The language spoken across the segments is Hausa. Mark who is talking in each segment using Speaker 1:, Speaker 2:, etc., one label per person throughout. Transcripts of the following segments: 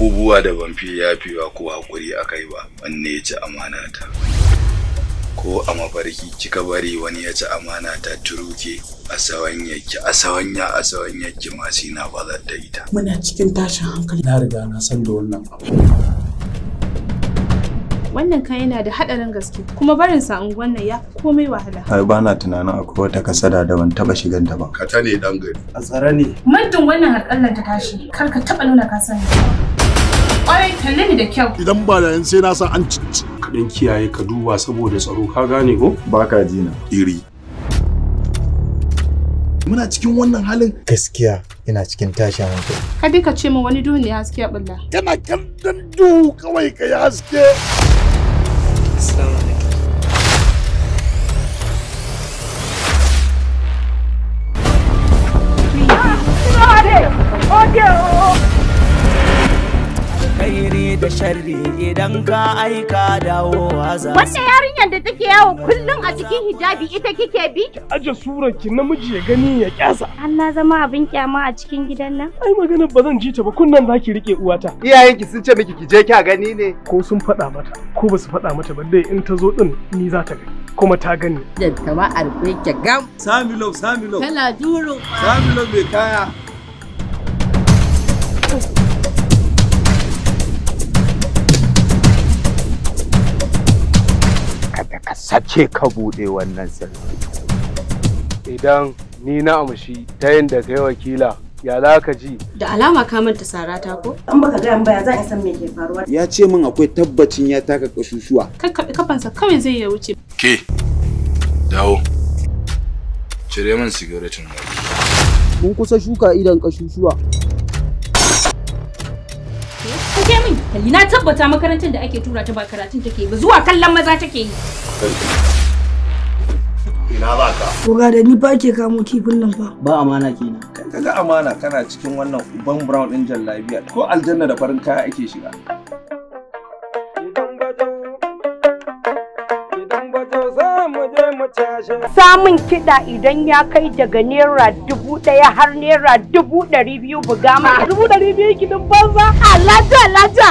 Speaker 1: abubuwa da ban fi yafewa ko hakuri akai ba wanne ya ci amana ta. ko a mafarki kika bari wani ya ci amana ta, turuke a sawanya ki a sawanya a sawan yake masu na bazar da ita muna cikin tashin hankali na riga na san da wannan abu wannan kan yana da hadarin gaske kuma barin sa unguwan nan ya komai wahala ai ba na tunanin akwai wata kasada da ban taba shigan ta ba kata ne dan gari a tsare ne muddin wannan harkallan ta tashi kar ka taba nuna ka sani Kwarai kalle ni da kyau. Idan ba da sai na san an cici. Kaɗan kiyaye ka duba saboda tsaro ka gane ko? Ba ka jina. Iri. Muna cikin wannan halin? Gaskiya ina cikin tashin hankali. Ka bi ka ce min wani duniya haske bulla. Kana kallon duhu kawai ka yi haske. daga sharri idan ka aika dawo haza. Wanda yarinyar da take yawo kullum a cikin hijabi ita kike bi? Ki aje surar ki namiji ya gani ya kyasa. An na zama abin kyama a cikin gidan nan. Ai magana ba zan ji ta ba kunnan za ki rike uwata. Iyayen ki sun ce miki ki je ki gani ne. Ko sun faɗa mata ko ba su faɗa mata ba dai in ta zo din ni za ta gani. kuma ta gani. Yadda ma arfe ki gam. Samilo Samilo. Kana duro. Samilo mai kaya. ce ka buɗe wannan sirri idan ni na amshi ta yadda kai wakila ya za ka ji da alama ka manta sarata ko an baka ga baya za a san me ke faruwa ya ce min akwai tabbacin ya taka kasusuwa kakkabe kafansa kawai zai ya wuce ke dawo cire min sigaretin nan mun kusa shuka idan kasusuwa Kake min, na tabbata makarantar da ake tura ta ba karatun take ba zuwa kallon maza take yi. ina ba ka koga da ni ba ke kamo kifin nan fa ba amana kenan kai kaga amana kana cikin wannan uban brown din jallabiya ko aljanna da farin kaya ake shiga Samun kiɗa idan ya kai daga naira dubu ɗaya har naira dubu ɗari biyu buga ma. Dubu ɗari biyu kiɗin banza? Alaja alaja!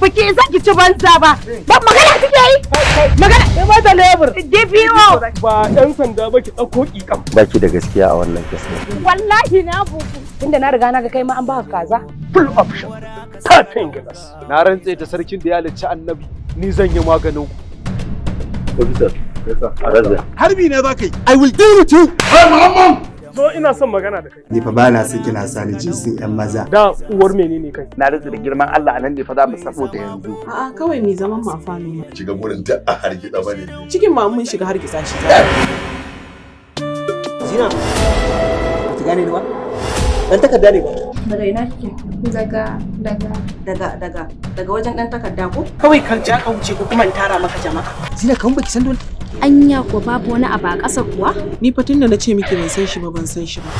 Speaker 1: Biki isa ki ci banza ba. Ba magana kike yi? Magana. Ke ba da lebur. DPO. Ba ɗan sanda ba ki ɗauko ƙiƙam. Ba ki da gaskiya a wannan gaskiya. Wallahi na buku. inda na riga na ga kai ma an ba ka kaza. Full option. Tafin gilas. Na rantse da sarkin da ya halicci annabi. Ni zan yi maganin ku. Officer. Harbi na za ka yi. I will deal with you. Hey, Muhammad! zo ina son magana da kai ni fa ba na son kina sani sun yan maza da uwar menene kai na rantsa da girman Allah anan ne fa za mu sako da yanzu a'a kawai mai zaman mafano shiga gurin ta a hargitsa bane cikin ma mun shiga hargitsa shi Zina, Ki gane ni ba? Dan takarda ne ba? daga ina kike daga daga daga daga daga wajen dan takarda ko kawai kan ja ka wuce ko kuma in tara maka jama'a zina kan baki san dole anya ko babu wani abu a ƙasa kuwa? Ni fa tunda na ce miki ban san shi ba ban san shi ba.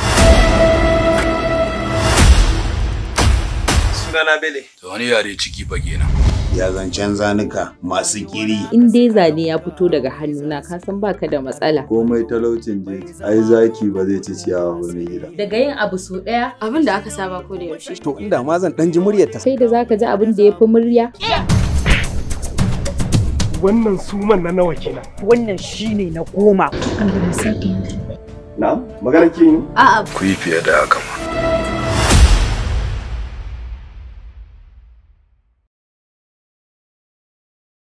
Speaker 1: Sunana Bele. To wani yare ciki ba kenan. Ya zancen zanuka masu kiri. In dai zane ya fito daga hannuna ka san baka da matsala. Komai talaucin je ai zaki ba zai ci ciyawa ba mai gida. Daga yin abu sau ɗaya abin da aka saba ko da yaushe. To inda ma zan ɗan ji muryarta. Sai da zaka ji abin da ya fi murya. Yeah. wannan suman na nawa kenan wannan shine na goma na maganar ki ne a'a ku yi fiye da haka ma